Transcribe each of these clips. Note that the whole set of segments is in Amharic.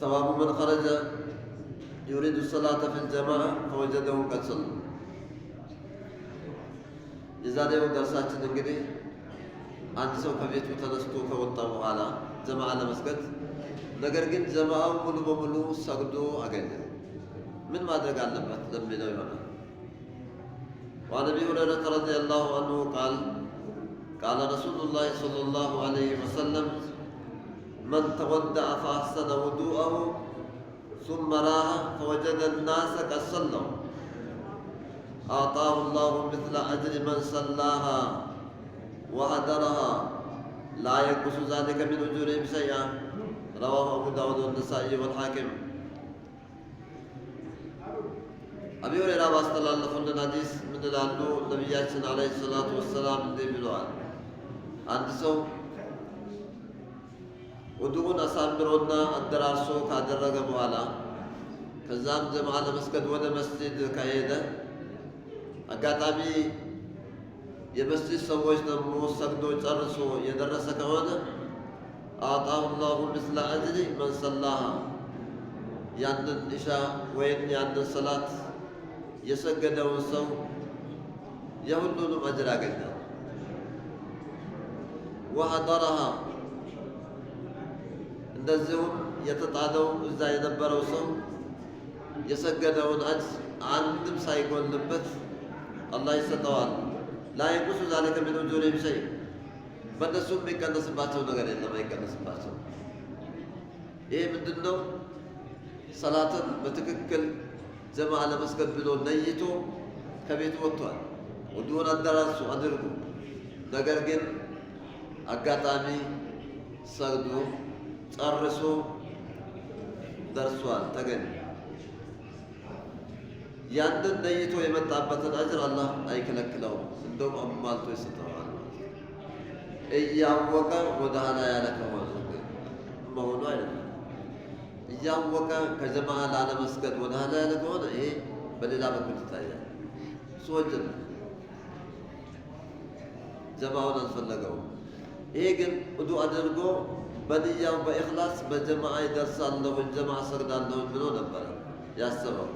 ثواب من خرج يريد الصلاة في الجماعة فوجده قد صلى የዛሬው سوف እንግዲህ في ሰው ከቤቱ ተነስቶ ከወጣ በኋላ ጀማዓ ለመስገድ ነገር ግን ጀማዓው ሙሉ በሙሉ ሰግዶ አገኘ። ምን ማድረግ አለበት ለሚለው ይሆናል። وعن ابي هريره رضي الله عنه قال قال رسول الله صلى الله عليه وسلم من تودع فأحسن ودوءه ثم راح فوجد الناس قد صلوا أعطاه الله مثل أجر من صلاها وهدرها لا ينقص ذلك من أجورهم شيئا رواه أبو داود والنسائي والحاكم أبي هريرة واسطة الله فلنا حديث من الألو نبياتنا عليه الصلاة والسلام من دي بلوان عند سوء ውዱኡን አሳምሮና አደራርሶ ካደረገ በኋላ ከዛም ጀማ ለመስገድ ወደ መስጂድ ከሄደ አጋጣሚ የመስጂድ ሰዎች ደግሞ ሰግዶ ጨርሶ የደረሰ ከሆነ አጣሁ ላሁ ምስለ አጅሪ መን ሰላሃ ያንን ኢሻ ወይም ያንን ሰላት የሰገደውን ሰው የሁሉንም አጅር ያገኛል። ወሀደረሃ እንደዚሁም የተጣለው እዛ የነበረው ሰው የሰገደውን አጅ አንድም ሳይጎልበት አላህ ይሰጠዋል። ላይቁሱ ዛሊከ ሚን ኡጁሪሂም ሸይ በእነሱ የሚቀነስባቸው ነገር የለም፣ አይቀነስባቸው። ይህ ምንድን ነው? ሰላትን በትክክል ጀማ ለመስገድ ብሎ ነይቶ ከቤት ወጥቷል። ወዱን አደራሱ አድርጉ፣ ነገር ግን አጋጣሚ ሰግዱ ጨርሶ ደርሷል ተገኘ። ያንን ነይቶ የመጣበትን አጅር አላህ አይከለክለውም፣ እንደውም አሟልቶ ይሰጠዋል። እያወቀ ወደ ያለ ከሆነ መሆኑ አይደለም። እያወቀ ከጀማዓ ላለመስገድ ወደ ያለ ከሆነ ይሄ በሌላ በኩል ይታያል። ሰዎች ጀማዓውን አልፈለገውም። ይሄ ግን ውዱእ አድርጎ በንያው በኢኽላስ በጀማዓ ይደርሳለሁኝ ጀማዓ ሰርዳለሁኝ ብሎ ነበረ ያስበው።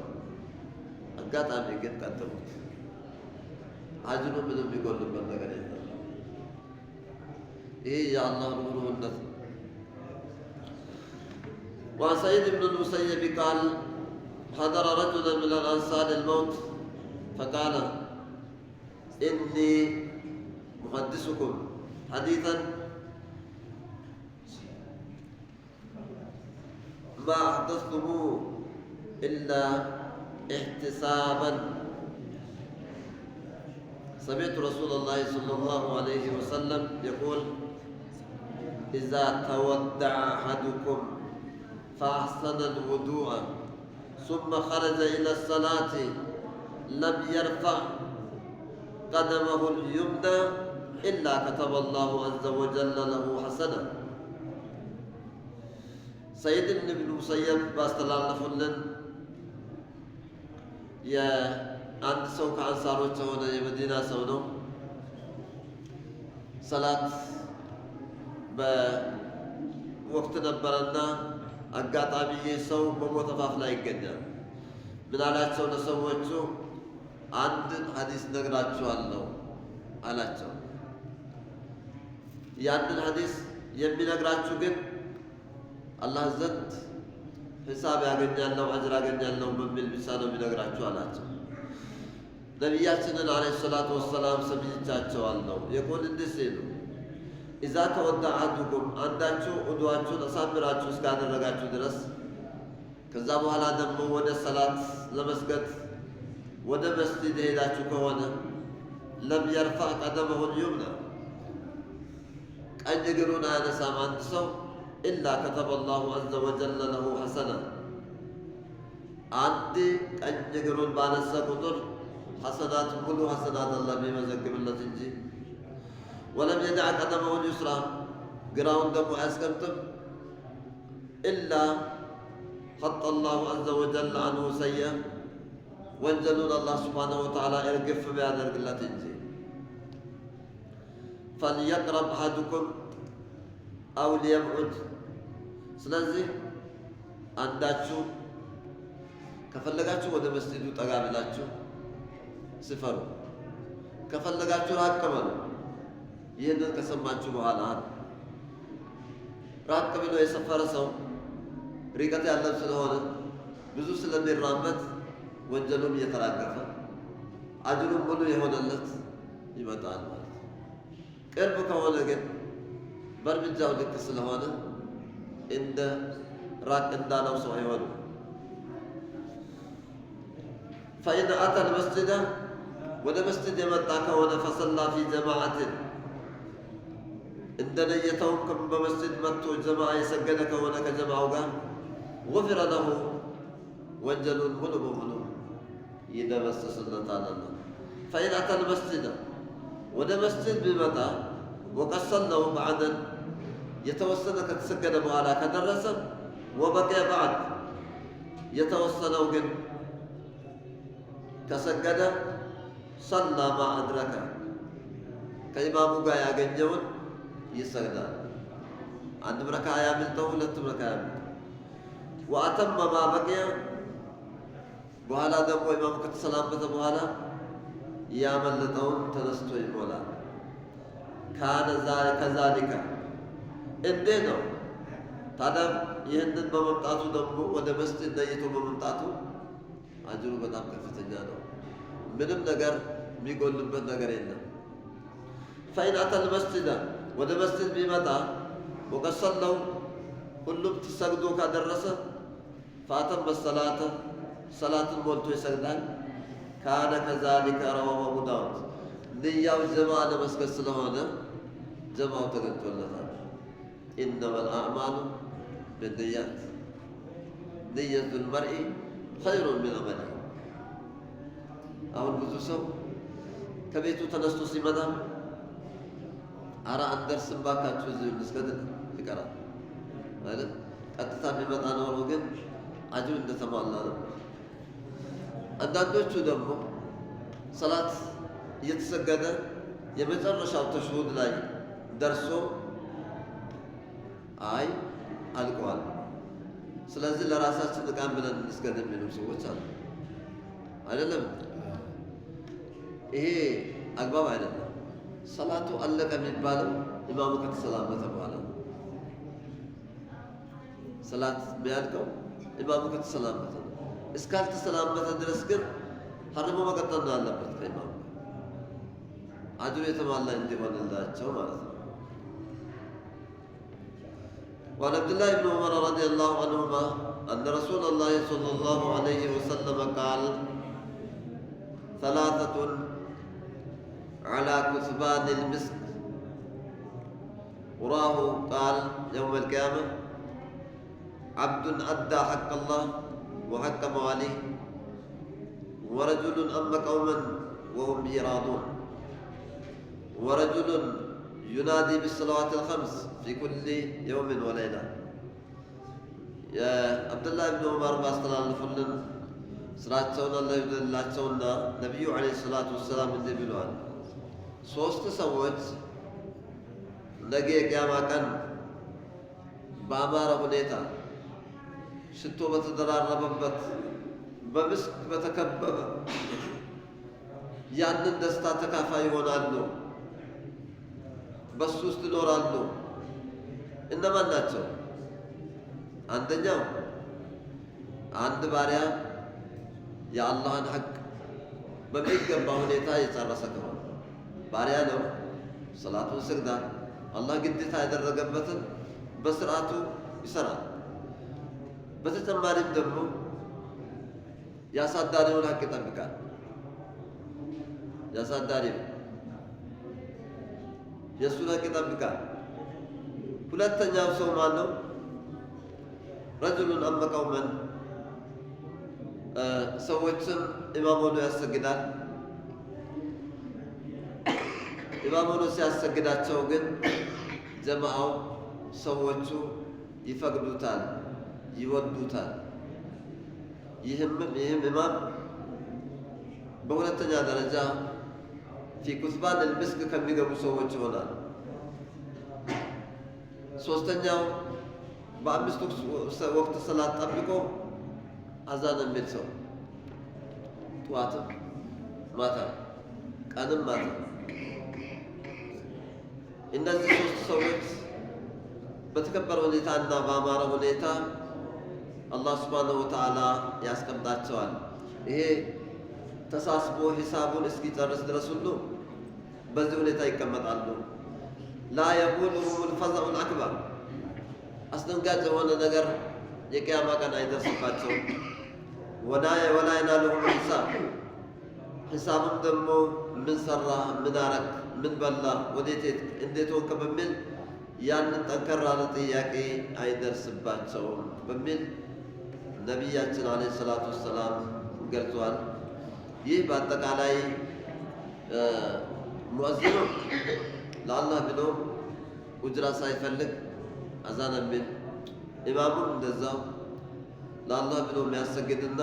አጋጣሚ ግን ቀጥሉት። ሀጅኑ ምንም የሚጎልበት ነገር የለም። ይህ የአላህ ሩህሩህነት ነው። وعن سعيد بن المسيب قال حضر رجلا من الأنصار الموت فقال إني محدثكم حديثا ما حدثته إلا احتسابا سمعت رسول الله صلى الله عليه وسلم يقول إذا تودع أحدكم فأحسن الوضوء ثم خرج إلى الصلاة لم يرفع قدمه اليمنى إلا كتب الله عز وجل له حسنه ሰይድ ኢብኑ ሙሰየብ ባስተላለፉልን የአንድ ሰው ከአንሳሮች የሆነ የመዲና ሰው ነው። ሰላት በወቅት ነበረና አጋጣሚ ይህ ሰው በሞት አፋፍ ላይ ይገኛል። ምናላቸው ለሰዎቹ አንድን ሀዲስ ነግራችኋለሁ አላቸው። ያንን ሀዲስ የሚነግራችሁ ግን አላህ ዘንድ ሂሳብ ያገኛለሁ አጅር ያገኛለሁ በሚል ብቻ ነው የሚነግራቸው አላቸው። ነቢያችንን አለይሂ ሰላቱ ወሰላም ሰምቻቸዋለሁ። የቁል እንዲህ ሲሉ ኢዛ ተወዳ አንዱኩም አንዳችሁ ዑዱዋችሁን አሳምራችሁ እስካደረጋችሁ ድረስ ከዛ በኋላ ደግሞ ወደ ሰላት ለመስገድ ወደ መስጂድ ሄዳችሁ ከሆነ ለም የርፋዕ ቀደመሁን ዩምና ቀኝ እግሩን አያነሳም አንድ ሰው إلا كتب الله عز وجل له حسنة عند أنجر بانسا السكتر حسنات كل حسنات الله بما زكب الله تنجي ولم يدع قدمه اليسرى قراون دمو أسكبتم إلا خط الله عز وجل عنه سيئا وانجلون الله سبحانه وتعالى ارقف بأن الله تنجي فليقرب أحدكم አው ሊየምዑድ። ስለዚህ አንዳችሁ ከፈለጋችሁ ወደ መስጂዱ ጠጋ ብላችሁ ስፈሩ፣ ከፈለጋችሁ ራቅ በሉ። ይህንን ከሰማችሁ በኋላ ራቅ ብሎ የሰፈረ ሰው ርቀት ያለው ስለሆነ ብዙ ስለሚራመድ ወንጀሉም እየተራገፈ አጅሩም ሙሉ የሆነለት ይመጣል ማለት። ቅርብ ከሆነ ግን برج الجاوز يتصل هنا عند راك عندنا وصهيون فإن أتى المسجد ولمسجد من تاك هنا فصلى في جماعة عندنا يتوم كم بمسجد متو جماعة يسجدك هنا كجماعة غفر له وانجلوا الملوب ملوب إذا بس سنة فإن أتى المسجد ولمسجد بمتى وقصلناه بعدا የተወሰነ ከተሰገደ በኋላ ከደረሰ ወበቂየ በዕድ የተወሰነው ግን ከሰገደ ሰላ ማ አድረከ ከኢማሙ ጋር ያገኘውን ይሰግዳል። አንድ ብረካ ያምልጠው፣ ሁለትም ረካ ያምልጠው። ወአተመ ማ በቂየ በኋላ ደግሞ ኢማሙ ከተሰላመተ በኋላ ያመለጠውን ተነስቶ ይሞላል። ካነ ከዛሊከ እንዴ ነው ታዲያ? ይህንን በመምጣቱ ደግሞ ወደ መስጅድ ለይቶ በመምጣቱ አጅሩ በጣም ከፍተኛ ነው። ምንም ነገር የሚጎልበት ነገር የለም። ፈኢን መስጅደ ወደ መስጅድ ቢመጣ ወቀሰለው ሁሉም ትሰግዶ ካደረሰ ፋተም በሰላተ ሰላትን ሞልቶ ይሰግዳል። ካነ ከዛሊከ ረዋሁ አቡ ዳውድ ንያው ጀማዓ ለመስገድ ስለሆነ ጀማው ተገኝቶለታል። إنما الأعمال بالنيات نية المرء خير من عمله አሁን ብዙ ሰው ከቤቱ ተነስቶ ሲመጣ አረ አንደርስም ባካችሁ እዚህ እንስገድ ይቀራል ማለት ቀጥታ የሚመጣ ኖሮ ግን አጅብ እንደተሟላ ነው። አንዳንዶቹ ደግሞ ሰላት እየተሰገደ የመጨረሻው ተሽሁድ ላይ ደርሶ አይ አልቀዋል። ስለዚህ ለራሳችን ጥቃም ብለን እንስገድ የሚሉ ሰዎች አሉ። አይደለም፣ ይሄ አግባብ አይደለም። ሰላቱ አለቀ የሚባለው ኢማሙ ከተሰላመተ በኋላ ሰላት የሚያልቀው ኢማሙ ከተሰላመተ ነው። እስካልተሰላመተ ድረስ ግን ሀርሞ መቀጠል ነው ከኢማሙ አጅሩ የተሟላ እንዲሆንላቸው ማለት ነው። وعن عبد الله بن عمر رضي الله عنهما أن رسول الله صلى الله عليه وسلم قال ثلاثة على كثبان المسك وراه قال يوم القيامة عبد أدى حق الله وحق مواليه ورجل أمك قوما وهم يرادون ورجل ዩናዲ ብሰለዋት ልከምስ ፊ ኩሊ የውምን ወለይላ የአብዱላህ ብን ዑመር ማስተላለፉልን ስራቸውን አለላቸውና ነቢዩ ዓለይሂ ሰላቱ ወሰላም እንዲህ ብለዋል። ሶስት ሰዎች ነገ የቅያማ ቀን በአማረ ሁኔታ ሽቶ በተደራረበበት በምስክ በተከበበ ያንን ደስታ ተካፋይ ይሆናሉ። በሱ ውስጥ ይኖራሉ። እነማን ናቸው? አንደኛው አንድ ባሪያ የአላህን ሐቅ በሚገባ ሁኔታ የጨረሰ ከሆነ ባሪያ ነው። ሰላቱን ስግዳል፣ አላህ ግዴታ ያደረገበትን በስርዓቱ ይሰራል። በተጨማሪም ደግሞ የአሳዳሪውን ሐቅ ይጠብቃል። የአሳዳሪው የእሱን ሀቅ ይጠብቃል። ሁለተኛው ሰው ማን ነው? ረጁሉን አመቀው ሰዎችን ኢማም ሆኖ ያሰግዳል። ኢማም ሆኖ ሲያሰግዳቸው ግን ጀማአው ሰዎቹ ይፈቅዱታል፣ ይወዱታል። ይህም ይህም ኢማም በሁለተኛ ደረጃ ፊ ኩትባን ልምስክ ከሚገቡ ሰዎች ይሆናል። ሶስተኛው በአምስቱ ወቅት ሰላት ጠብቆ አዛን የሚል ሰው ጠዋትም ማታ ቀንም ማታ። እነዚህ ሶስት ሰዎች በተከበረ ሁኔታ እና በአማረ ሁኔታ አላህ ሱብሓነሁ ወተዓላ ያስቀምጣቸዋል። ይሄ ተሳስቦ ሂሳቡን እስኪጨርስ ድረስ ሁሉ በዚህ ሁኔታ ይቀመጣሉ። ላ የኩኑሁም ልፈዘዑል አክበር አስደንጋጭ የሆነ ነገር የቅያማ ቀን አይደርስባቸውም። ወላ የናሉሁም ሂሳብ ሂሳቡም ደግሞ ምን ሰራህ፣ ምን አረክ፣ ምን በላ ወዴት እንዴት ሆንክ በሚል ያንን ጠንከራ ያለ ጥያቄ አይደርስባቸውም በሚል ነቢያችን ዓለይሂ ሰላቱ ወሰላም ገልጸዋል። ይህ በአጠቃላይ ሙእዚኑ ለአላህ ብሎ ኡጅራ ሳይፈልግ አዛን የሚል ኢማሙም እንደዛው ለአላህ ብሎ የሚያሰግድና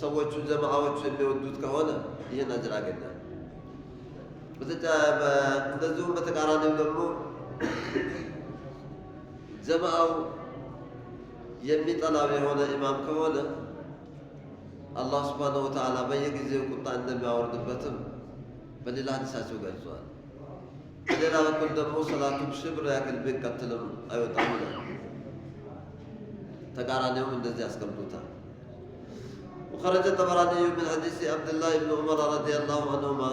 ሰዎቹ ጀማዓዎቹ የሚወዱት ከሆነ ይህን አጅር አገኛል። እንደዚሁም በተቃራኒው ደግሞ ጀማዓው የሚጠላው የሆነ ኢማም ከሆነ አላህ ስብሓነሁ ወተዓላ በየጊዜው ቁጣ እንደሚያወርድበትም በሌላ ሀዲሳቸው ገልጿል። በሌላ በኩል ደግሞ ሰላቱም ሽብር ያክል ቢቀትልም አይወጣም ይላል። ተቃራኒውም እንደዚህ ያስቀምጡታል። وخرج الطبراني من حديث عبد الله بن عمر رضي الله عنهما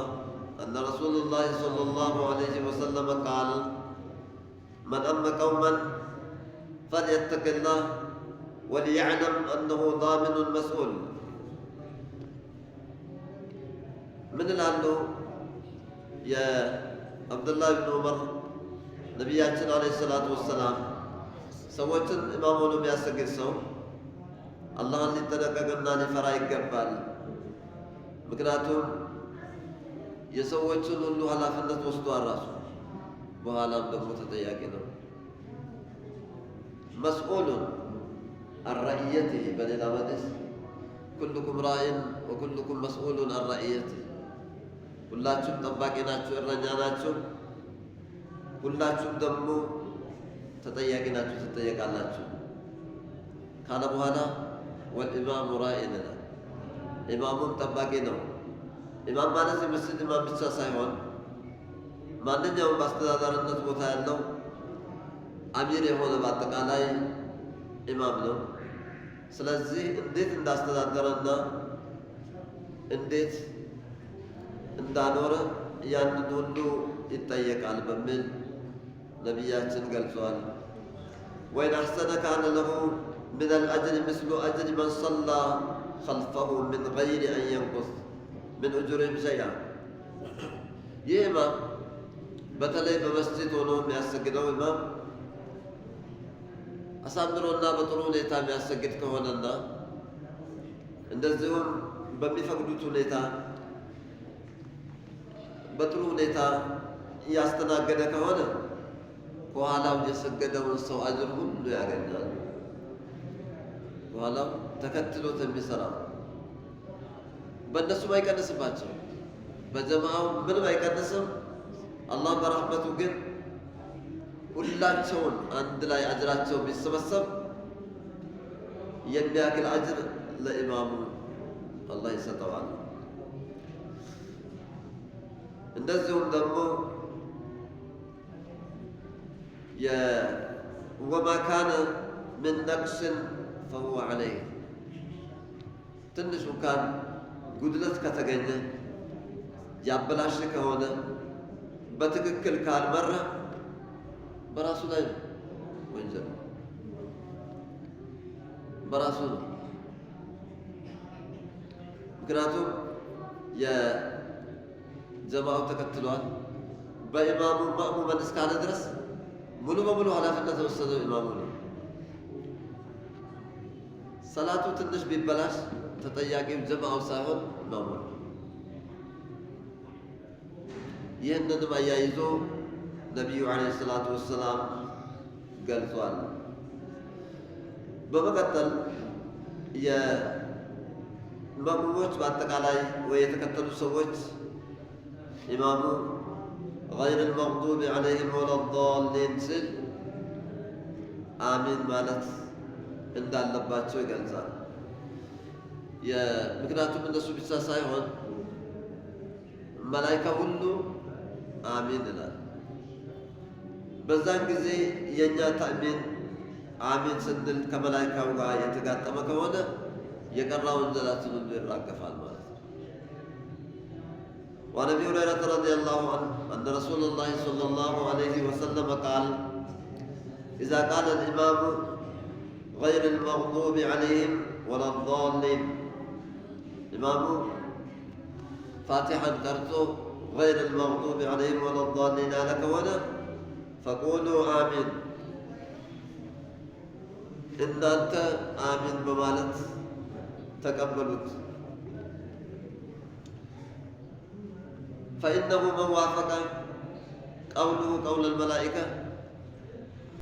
أن رسول الله صلى الله عليه وسلم قال من أم قوما فليتق الله وليعلم أنه ضامن مسؤول من الله يا عبد الله بن عمر نبي عليه الصلاة والسلام سويت الإمام ولم يسجد سو الله اللي تلقى قلنا لفرائي قبل مكناتهم يسويت الله على فنة وسطوى الرسول وعلى عبده متضيقين مسؤول عن رعيته بل الأمدس كلكم راعٍ وكلكم مسؤول عن رعيته ሁላችሁም ጠባቂ ናችሁ፣ እረኛ ናችሁ። ሁላችሁም ደግሞ ተጠያቂ ናችሁ፣ ትጠየቃላችሁ ካለ በኋላ ወልኢማሙ ራኢን ይላል። ኢማሙም ጠባቂ ነው። ኢማም ማለት የምስል ኢማም ብቻ ሳይሆን ማንኛውም በአስተዳዳሪነት ቦታ ያለው አሚር የሆነ በአጠቃላይ ኢማም ነው። ስለዚህ እንዴት እንዳስተዳደረና እንዴት እንዳኖረ ያንን ሁሉ ይጠየቃል በሚል ነቢያችን ገልጿል። ወይን አሕሰነ ካነ ለሁ ምን አልአጅር ምስሉ አጅር መን ሰላ ከልፈሁ ምን ገይሪ አን የንቁስ ምን እጁሪም ሸይአ። ይህ ኢማም በተለይ በመስጂድ ሆኖ የሚያሰግደው ኢማም አሳምሮና በጥሩ ሁኔታ የሚያሰግድ ከሆነና እንደዚሁም በሚፈቅዱት ሁኔታ በጥሩ ሁኔታ እያስተናገደ ከሆነ ከኋላው የሰገደውን ሰው አጅር ሁሉ ያገኛል። ከኋላው ተከትሎት የሚሰራ በእነሱም አይቀንስባቸው፣ በጀማው ምንም አይቀንስም። አላህ በረህመቱ ግን ሁላቸውን አንድ ላይ አጅራቸው ቢሰበሰብ የሚያክል አጅር ለኢማሙ አላህ ይሰጠዋል። እንደዚሁም ደግሞ ወማካነ ምን ነቅስን ፈሁወ ዐለይህ ትንሽ እንኳን ጉድለት ከተገኘ ያበላሽ ከሆነ በትክክል ካልመራ በራሱ ላይ ነው ወንጀል፣ በራሱ ነው። ምክንያቱም ጀማኡ ተከትሏል። በኢማሙ መእሙመን እስካለ ድረስ ሙሉ በሙሉ ኃላፊነት የወሰደው ኢማሙ ነው። ሰላቱ ትንሽ ቢበላሽ ተጠያቂም ዘባው ሳይሆን ኢማሙ ነው። ይህንንም አያይዞ ነቢዩ ዓለይሂ ሰላቱ ወሰላም ገልጿል። በመቀጠል የመእሙሞች በአጠቃላይ ወይ የተከተሉ ሰዎች ኢማሙ ገይረል መግዱብ ዐለይሂም ወለዳሊን ሲል አሚን ማለት እንዳለባቸው ይገልጻል። ምክንያቱም እነሱ ብቻ ሳይሆን መላይካ ሁሉ አሚን ይላል። በዛን ጊዜ የእኛ ተእሚን አሚን ስንል ከመላይካው ጋር የተጋጠመ ከሆነ የቀራውን ዘላችን ሁሉ ይራገፋል። وعن ابي هريره رضي الله عنه ان رسول الله صلى الله عليه وسلم قال اذا قال الامام غير المغضوب عليهم ولا الضالين امام فاتحا كرتو غير المغضوب عليهم ولا الضالين لك ولا فقولوا امين ان انت امين بمالت تقبلت فإنه من وافق قوله قول الملائكة